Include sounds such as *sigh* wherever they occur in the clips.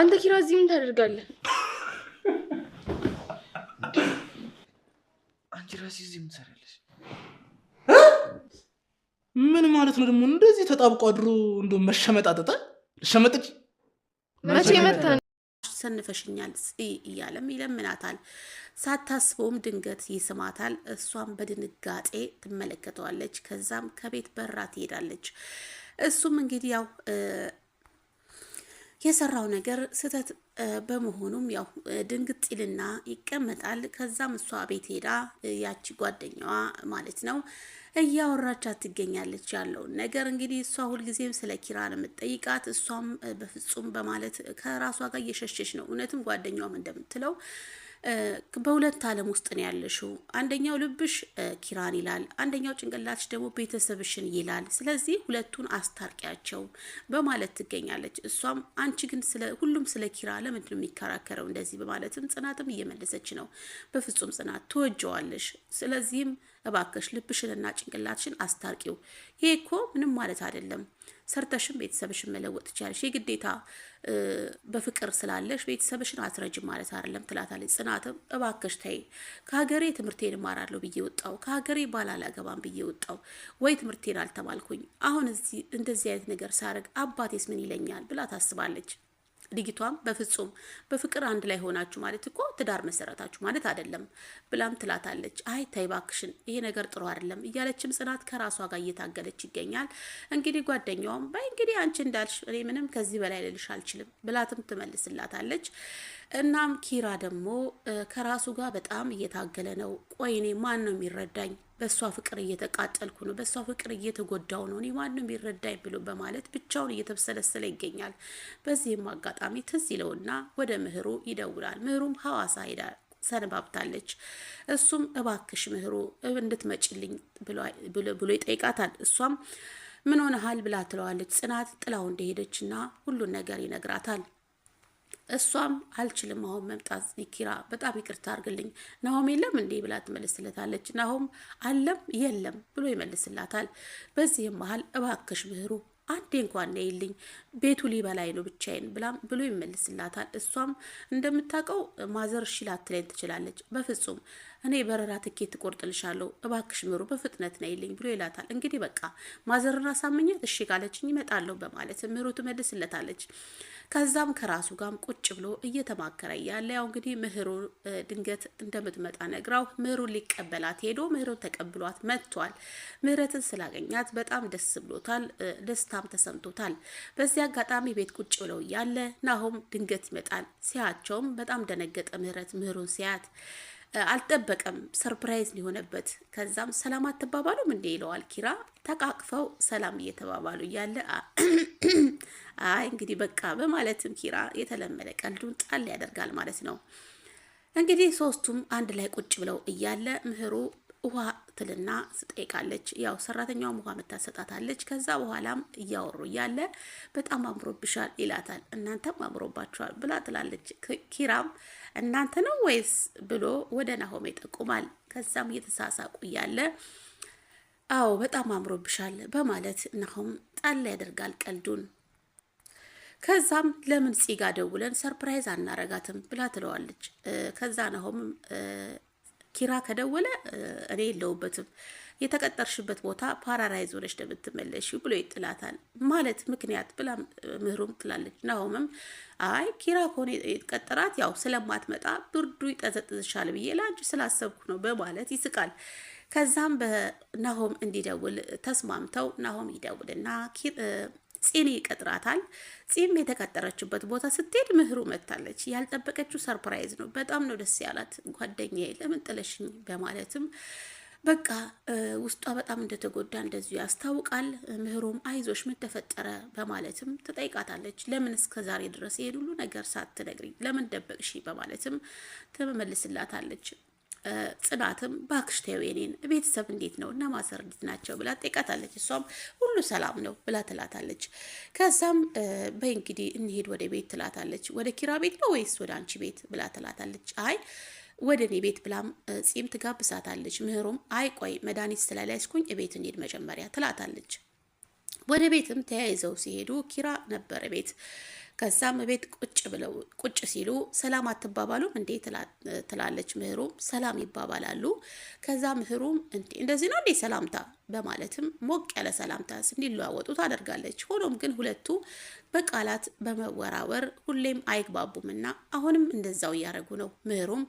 አንተ ኪራ እዚህ ምን ታደርጋለህ? አንቺ ራስሽ እዚህ ምን ትሰሪያለሽ? ምን ማለት ነው ደግሞ እንደዚህ ተጣብቆ አድሮ እንደ መሸመጣጠጠ ሸመጠች መቼ መታ ሰንፈሽኛል እያለም ይለምናታል። ሳታስበውም ድንገት ይስማታል። እሷም በድንጋጤ ትመለከተዋለች። ከዛም ከቤት በራ ትሄዳለች። እሱም እንግዲህ ያው የሰራው ነገር ስህተት በመሆኑም ያው ድንግጥ ይልና ይቀመጣል። ከዛም እሷ ቤት ሄዳ ያቺ ጓደኛዋ ማለት ነው እያወራቻት ትገኛለች። ያለውን ነገር እንግዲህ እሷ ሁልጊዜም ስለ ኪራ ነው የምትጠይቃት፣ እሷም በፍጹም በማለት ከራሷ ጋር እየሸሸች ነው። እውነትም ጓደኛዋም እንደምትለው በሁለት ዓለም ውስጥ ነው ያለሽው። አንደኛው ልብሽ ኪራን ይላል፣ አንደኛው ጭንቅላትሽ ደግሞ ቤተሰብሽን ይላል። ስለዚህ ሁለቱን አስታርቂያቸው በማለት ትገኛለች። እሷም አንቺ ግን ሁሉም ስለ ኪራ ለምንድን ነው የሚከራከረው እንደዚህ በማለትም ጽናትም እየመለሰች ነው። በፍጹም ጽናት ትወጀዋለሽ። ስለዚህም እባክሽ ልብሽንና ጭንቅላትሽን አስታርቂው። ይሄ እኮ ምንም ማለት አይደለም። ሰርተሽም ቤተሰብሽን መለወጥ ትችላለሽ። የግዴታ በፍቅር ስላለሽ ቤተሰብሽን አስረጅም ማለት አይደለም ትላታለች። ጽናትም እባክሽ ተይ፣ ከሀገሬ ትምህርቴን እማራለሁ ብዬ ወጣው፣ ከሀገሬ ባል አላገባም ብዬ ወጣው፣ ወይ ትምህርቴን አልተማልኩኝ። አሁን እንደዚህ አይነት ነገር ሳረግ አባቴስ ምን ይለኛል ብላ ታስባለች። ልጅቷም በፍጹም በፍቅር አንድ ላይ ሆናችሁ ማለት እኮ ትዳር መሰረታችሁ ማለት አይደለም ብላም ትላታለች። አይ ተይ እባክሽን ይሄ ነገር ጥሩ አይደለም እያለችም ጽናት ከራሷ ጋር እየታገለች ይገኛል። እንግዲህ ጓደኛውም በይ እንግዲህ አንቺ እንዳልሽ እኔ ምንም ከዚህ በላይ ልልሽ አልችልም ብላትም ትመልስላታለች። እናም ኪራ ደግሞ ከራሱ ጋር በጣም እየታገለ ነው። ቆይ እኔ ማን ነው የሚረዳኝ? በእሷ ፍቅር እየተቃጠልኩ ነው፣ በእሷ ፍቅር እየተጎዳው ነው፣ እኔ ማን ነው የሚረዳኝ ብሎ በማለት ብቻውን እየተብሰለሰለ ይገኛል። በዚህም አጋጣሚ ትዝ ይለውና ወደ ምህሩ ይደውላል። ምህሩም ሐዋሳ ሄዳ ሰነባብታለች። እሱም እባክሽ ምህሩ እንድትመጭልኝ ብሎ ይጠይቃታል። እሷም ምን ሆነሃል ብላ ትለዋለች። ጽናት ጥላው እንደሄደችና ሁሉን ነገር ይነግራታል። እሷም አልችልም አሁን መምጣት ኪራ በጣም ይቅርታ አርግልኝ ናሆም የለም እንዴ ብላ ትመልስለታለች። ናሆም አለም የለም ብሎ ይመልስላታል። በዚህም መሀል እባክሽ ምህሩ አንዴ እንኳን ነይልኝ ቤቱ ሊበላይ ነው ብቻዬን ብላም ብሎ ይመልስላታል። እሷም እንደምታውቀው ማዘር እሺ ላትለኝ ትችላለች። በፍጹም እኔ በረራ ትኬት ቆርጥልሻለሁ፣ እባክሽ ምሩ በፍጥነት ነይልኝ ብሎ ይላታል። እንግዲህ በቃ ማዘርን አሳምኛት እሺ ካለችኝ ይመጣለሁ በማለት ምሩ ትመልስለታለች። ከዛም ከራሱ ጋም ቁጭ ብሎ እየተማከረ እያለ ያው እንግዲህ ምህሩ ድንገት እንደምትመጣ ነግራው ምህሩ ሊቀበላት ሄዶ ምህሩ ተቀብሏት መጥቷል። ምህረትን ስላገኛት በጣም ደስ ብሎታል፣ ደስታም ተሰምቶታል። በዚህ አጋጣሚ ቤት ቁጭ ብለው እያለ ናሆም ድንገት ይመጣል። ሲያቸውም በጣም ደነገጠ። ምህረት ምህሩን ሲያት አልጠበቀም። ሰርፕራይዝ ሊሆነበት ከዛም ሰላም አትባባሉም እንዴ ይለዋል ኪራ። ተቃቅፈው ሰላም እየተባባሉ እያለ *clears throat* አይ እንግዲህ በቃ በማለትም ኪራ የተለመደ ቀልዱን ጣል ያደርጋል ማለት ነው። እንግዲህ ሶስቱም አንድ ላይ ቁጭ ብለው እያለ ምህሩ ውሃ ትልና ትጠይቃለች። ያው ሰራተኛውም ውሃ ምታሰጣታለች። ከዛ በኋላም እያወሩ እያለ በጣም አምሮብሻል ይላታል። እናንተም አምሮባችኋል ብላ ትላለች ኪራም እናንተ ነው ወይስ ብሎ ወደ ናሆም ይጠቁማል። ከዛም እየተሳሳቁ እያለ አዎ በጣም አምሮብሻል በማለት ናሆም ጣል ያደርጋል ቀልዱን። ከዛም ለምን ጽጋ ደውለን ሰርፕራይዝ አናረጋትም ብላ ትለዋለች። ከዛ ናሆም ኪራ ከደወለ እኔ የለውበትም የተቀጠርሽበት ቦታ ፓራራይዝ ሆነሽ ነው ብሎ ይጥላታል። ማለት ምክንያት ብላ ምህሩም ትላለች። ናሆምም አይ ኪራ ከሆነ የቀጠራት ያው ስለማትመጣ ብርዱ ይጠዘጥዝሻል ብዬ ለአንቺ ስላሰብኩ ነው በማለት ይስቃል። ከዛም በናሆም እንዲደውል ተስማምተው ናሆም ይደውልና ፂን ይቀጥራታል። ጺም የተቀጠረችበት ቦታ ስትሄድ ምህሩ መታለች። ያልጠበቀችው ሰርፕራይዝ ነው። በጣም ነው ደስ ያላት ጓደኛዬ፣ ለምን ጥለሽኝ በማለትም በቃ ውስጧ በጣም እንደተጎዳ እንደዚሁ ያስታውቃል። ምህሮም አይዞሽ ምን ተፈጠረ በማለትም ትጠይቃታለች። ለምን እስከ ዛሬ ድረስ ይሄን ሁሉ ነገር ሳትነግሪኝ ለምን ደበቅሽ በማለትም ትመልስላታለች። ጽናትም ባክሽ ተይው የኔን ቤተሰብ እንዴት ነው እና ማዘር እንዴት ናቸው ብላ ትጠይቃታለች። እሷም ሁሉ ሰላም ነው ብላ ትላታለች። ከዛም በእንግዲህ እንሄድ ወደ ቤት ትላታለች። ወደ ኪራ ቤት ነው ወይስ ወደ አንቺ ቤት ብላ ትላታለች። አይ ወደ እኔ ቤት ብላም ጺም ትጋብዛታለች። ምህሩም አይ ቆይ መድኃኒት ስለላይስኩኝ ቤት እንሂድ መጀመሪያ ትላታለች። ወደ ቤትም ተያይዘው ሲሄዱ ኪራ ነበር ቤት። ከዛም ቤት ቁጭ ብለው ቁጭ ሲሉ ሰላም አትባባሉም እንዴ ትላለች ምህሩም። ሰላም ይባባላሉ። ከዛ ምህሩም እንዴ እንደዚህ ነው እንዴ ሰላምታ በማለትም ሞቅ ያለ ሰላምታ እንዲለዋወጡ ታደርጋለች። ሆኖም ግን ሁለቱ በቃላት በመወራወር ሁሌም አይግባቡምና አሁንም እንደዛው እያደረጉ ነው። ምህሩም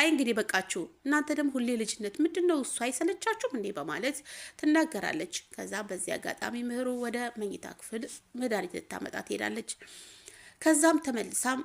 አይ እንግዲህ በቃችሁ እናንተ ደግሞ ሁሌ ልጅነት ምንድን ነው እሱ አይሰለቻችሁም እንዴ በማለት ትናገራለች። ከዛ በዚህ አጋጣሚ ምህሩ ወደ መኝታ ክፍል መድኃኒት ልታመጣ ትሄዳለች። ከዛም ተመልሳም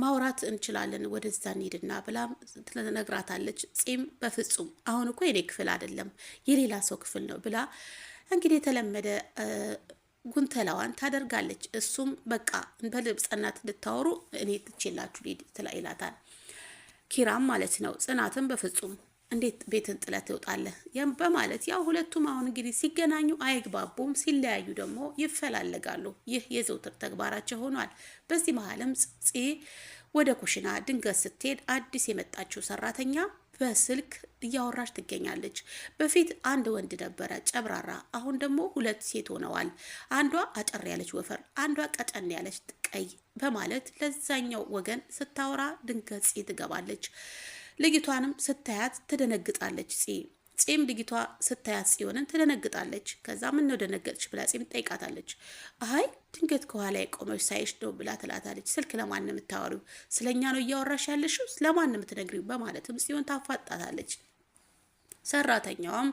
ማውራት እንችላለን ወደዛ እንሂድና ብላም ትነግራታለች። ጺም በፍጹም አሁን እኮ የኔ ክፍል አይደለም የሌላ ሰው ክፍል ነው ብላ እንግዲህ የተለመደ ጉንተላዋን ታደርጋለች። እሱም በቃ በልብጽናት እንድታወሩ እኔ ትቼላችሁ ልሂድ ይላታል። ኪራም ማለት ነው። ጽናትን በፍጹም እንዴት ቤትን ጥለት ትወጣለህ? ያም በማለት ያው ሁለቱም አሁን እንግዲህ ሲገናኙ አይግባቡም፣ ሲለያዩ ደግሞ ይፈላለጋሉ። ይህ የዘውትር ተግባራቸው ሆኗል። በዚህ መሀልም ፅ ወደ ኩሽና ድንገት ስትሄድ አዲስ የመጣችው ሰራተኛ በስልክ እያወራች ትገኛለች። በፊት አንድ ወንድ ነበረ ጨብራራ፣ አሁን ደግሞ ሁለት ሴት ሆነዋል። አንዷ አጨር ያለች ወፈር፣ አንዷ ቀጨን ያለች ቀይ በማለት ለዛኛው ወገን ስታወራ ድንገት ትገባለች። ልጅቷንም ስታያት ትደነግጣለች ፂ ፂም ልጅቷ ስታያት ጽዮንን ትደነግጣለች። ከዛ ምን ነው ደነገጥሽ ብላ ጺም ጠይቃታለች። አይ ድንገት ከኋላ የቆመች ሳይሽ ነው ብላ ትላታለች። ስልክ ለማን ነው የምታወሪው? ስለኛ ነው እያወራሽ ያለሽው? ለማን የምትነግሪው? በማለትም ጽዮን ታፋጣታለች። ሰራተኛዋም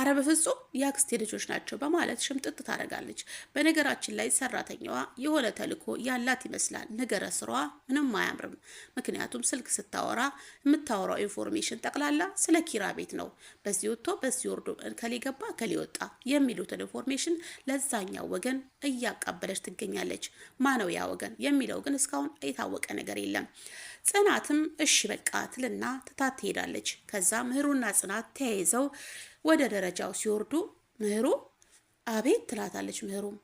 አረ በፍጹም የአክስቴ ልጆች ናቸው በማለት ሽምጥጥ ታደርጋለች። በነገራችን ላይ ሰራተኛዋ የሆነ ተልኮ ያላት ይመስላል። ነገረ ስሯ ምንም አያምርም። ምክንያቱም ስልክ ስታወራ የምታወራው ኢንፎርሜሽን ጠቅላላ ስለ ኪራ ቤት ነው። በዚህ ወጥቶ በዚህ ወርዶ ከሌ ገባ ከሌ ወጣ የሚሉትን ኢንፎርሜሽን ለዛኛው ወገን እያቃበለች ትገኛለች። ማነው ያ ወገን የሚለው ግን እስካሁን የታወቀ ነገር የለም። ጽናትም እሺ በቃ ትልና ትታት ትሄዳለች። ከዛ ምህሩና ጽናት ተያ ተያይዘው ወደ ደረጃው ሲወርዱ ምህሩ አቤት ትላታለች። ምህሩም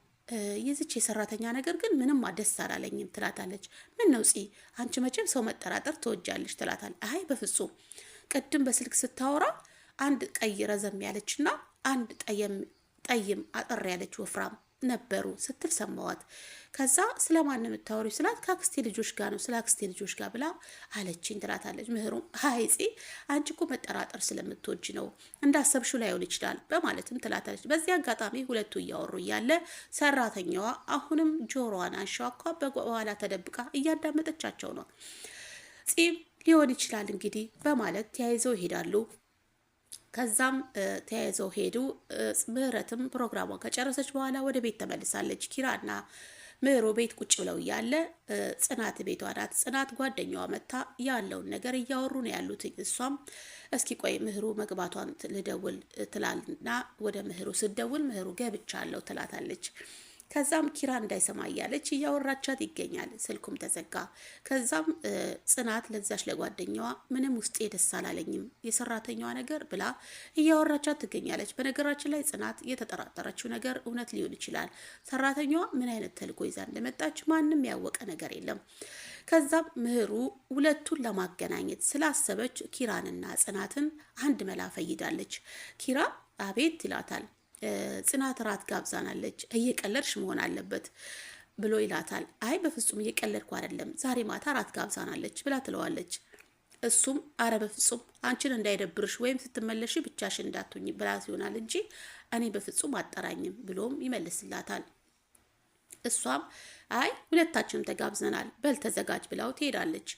የዚች የሰራተኛ ነገር ግን ምንም ደስ አላለኝም ትላታለች። ምን ነው ፂ አንቺ መቼም ሰው መጠራጠር ትወጃለች ትላታል። አይ በፍጹም ቅድም በስልክ ስታወራ አንድ ቀይ ረዘም ያለችና አንድ ጠየም ጠይም አጠር ያለች ወፍራም ነበሩ ስትል ሰማዋት። ከዛ ስለ ማን የምታወሪው ስላት ከአክስቴ ልጆች ጋር ነው ስለ አክስቴ ልጆች ጋር ብላ አለችኝ ትላታለች። ምህሩም ሀይፂ አንቺ እኮ መጠራጠር ስለምትወጅ ነው እንዳሰብሹ ላይሆን ይችላል በማለትም ትላታለች። በዚህ አጋጣሚ ሁለቱ እያወሩ እያለ ሰራተኛዋ አሁንም ጆሮዋን አንሸዋኳ በኋላ ተደብቃ እያዳመጠቻቸው ነው። ፂም ሊሆን ይችላል እንግዲህ በማለት ተያይዘው ይሄዳሉ። ከዛም ተያይዘው ሄዱ። ምህረትም ፕሮግራሟን ከጨረሰች በኋላ ወደ ቤት ተመልሳለች። ኪራና ምህሮ ቤት ቁጭ ብለው እያለ ጽናት ቤቷ ናት። ጽናት ጓደኛዋ መታ ያለውን ነገር እያወሩ ነው ያሉት። እሷም እስኪ ቆይ ምህሩ መግባቷን ልደውል ትላልና ወደ ምህሩ ስደውል ምህሩ ገብቻለሁ ትላታለች። ከዛም ኪራ እንዳይሰማ እያለች እያወራቻት ይገኛል። ስልኩም ተዘጋ። ከዛም ጽናት ለዛች ለጓደኛዋ ምንም ውስጤ ደስ አላለኝም የሰራተኛዋ ነገር ብላ እያወራቻት ትገኛለች። በነገራችን ላይ ጽናት የተጠራጠረችው ነገር እውነት ሊሆን ይችላል። ሰራተኛዋ ምን አይነት ተልእኮ ይዛ እንደመጣች ማንም ያወቀ ነገር የለም። ከዛም ምህሩ ሁለቱን ለማገናኘት ስላሰበች ኪራንና ጽናትን አንድ መላ ፈይዳለች። ኪራ አቤት ይላታል። ጽናት ራት ጋብዛናለች፣ እየቀለድሽ መሆን አለበት ብሎ ይላታል። አይ በፍጹም እየቀለድኩ አይደለም፣ ዛሬ ማታ ራት ጋብዛናለች ብላ ትለዋለች። እሱም አረ በፍጹም አንቺን እንዳይደብርሽ ወይም ስትመለሽ ብቻሽን እንዳትኝ ብላ ሲሆናል እንጂ እኔ በፍጹም አጠራኝም ብሎም ይመልስላታል። እሷም አይ ሁለታችንም ተጋብዘናል፣ በል ተዘጋጅ ብላው ትሄዳለች።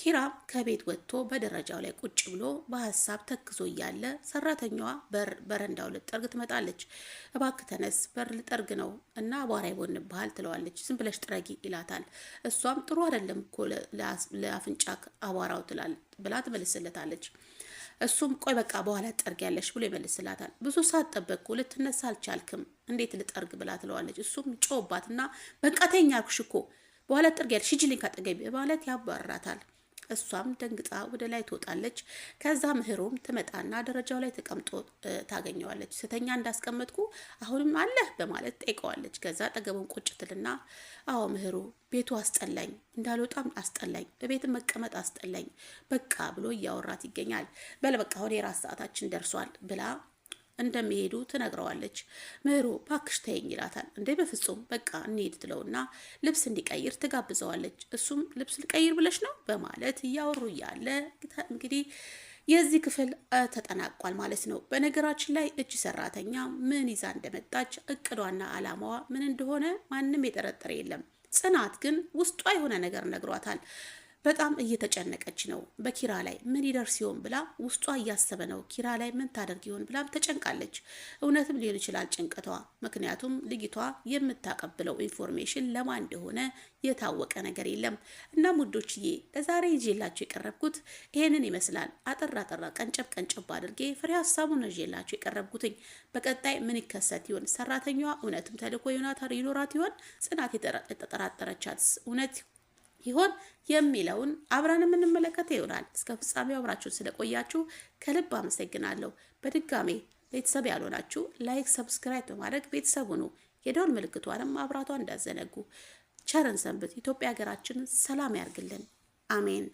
ኪራም ከቤት ወጥቶ በደረጃው ላይ ቁጭ ብሎ በሀሳብ ተክዞ እያለ ሰራተኛዋ በር በረንዳው ልጠርግ ትመጣለች። እባክህ ተነስ፣ በር ልጠርግ ነው እና አቧራ ይቦንብሃል ትለዋለች። ዝም ብለሽ ጥረጊ ይላታል። እሷም ጥሩ አይደለም እኮ ለአፍንጫክ አቧራው ትላል ብላ ትመልስለታለች። እሱም ቆይ በቃ በኋላ ጠርግ ያለሽ ብሎ ይመልስላታል። ብዙ ሰዓት ጠበቅኩ፣ ልትነሳ አልቻልክም፣ እንዴት ልጠርግ ብላ ትለዋለች። እሱም ጮባትና በቃ ተኛ አልኩሽ እኮ በኋላ ያለሽ ሂጂልኝ ካጠገቢ ማለት ያባርራታል። እሷም ደንግጣ ወደ ላይ ትወጣለች። ከዛ ምህሮም ትመጣና ደረጃው ላይ ተቀምጦ ታገኘዋለች። ስተኛ እንዳስቀመጥኩ አሁንም አለህ በማለት ጠይቀዋለች። ከዛ ጠገቡን ቁጭ ትልና አዎ ምህሩ ቤቱ አስጠላኝ፣ እንዳልወጣም አስጠላኝ፣ በቤት መቀመጥ አስጠላኝ፣ በቃ ብሎ እያወራት ይገኛል። በል በቃ አሁን ሰዓታችን ደርሷል ብላ እንደሚሄዱ ትነግረዋለች። ምህሩ ባክሽ ተይኝ ይላታል። እንዴ በፍጹም በቃ እንሄድ ትለውና ልብስ እንዲቀይር ትጋብዘዋለች። እሱም ልብስ ልቀይር ብለሽ ነው በማለት እያወሩ እያለ እንግዲህ የዚህ ክፍል ተጠናቋል ማለት ነው። በነገራችን ላይ እጅ ሰራተኛ ምን ይዛ እንደመጣች እቅዷና አላማዋ ምን እንደሆነ ማንም የጠረጠረ የለም። ጽናት ግን ውስጧ የሆነ ነገር ነግሯታል። በጣም እየተጨነቀች ነው። በኪራ ላይ ምን ይደርስ ይሆን ብላ ውስጧ እያሰበ ነው። ኪራ ላይ ምን ታደርግ ይሆን ብላም ተጨንቃለች። እውነትም ሊሆን ይችላል ጭንቀቷ፣ ምክንያቱም ልጅቷ የምታቀብለው ኢንፎርሜሽን ለማን እንደሆነ የታወቀ ነገር የለም። እናም ውዶችዬ ለዛሬ ይዤላችሁ የቀረብኩት ይሄንን ይመስላል። አጠራ ጠራ ቀንጨብ ቀንጨብ አድርጌ ፍሬ ሀሳቡን ይዤላችሁ የቀረብኩትኝ። በቀጣይ ምን ይከሰት ይሆን? ሰራተኛዋ እውነትም ተልእኮ ይኖራት ይሆን? ጽናት የተጠራጠረቻት እውነት ይሆን የሚለውን አብረን የምንመለከተ ይሆናል። እስከ ፍጻሜው አብራችሁን ስለቆያችሁ ከልብ አመሰግናለሁ። በድጋሜ ቤተሰብ ያልሆናችሁ ላይክ፣ ሰብስክራይብ በማድረግ ቤተሰብ ሁኑ። የደውል ምልክቷንም አብራቷ እንዳዘነጉ። ቸርን ሰንብት። ኢትዮጵያ ሀገራችንን ሰላም ያርግልን። አሜን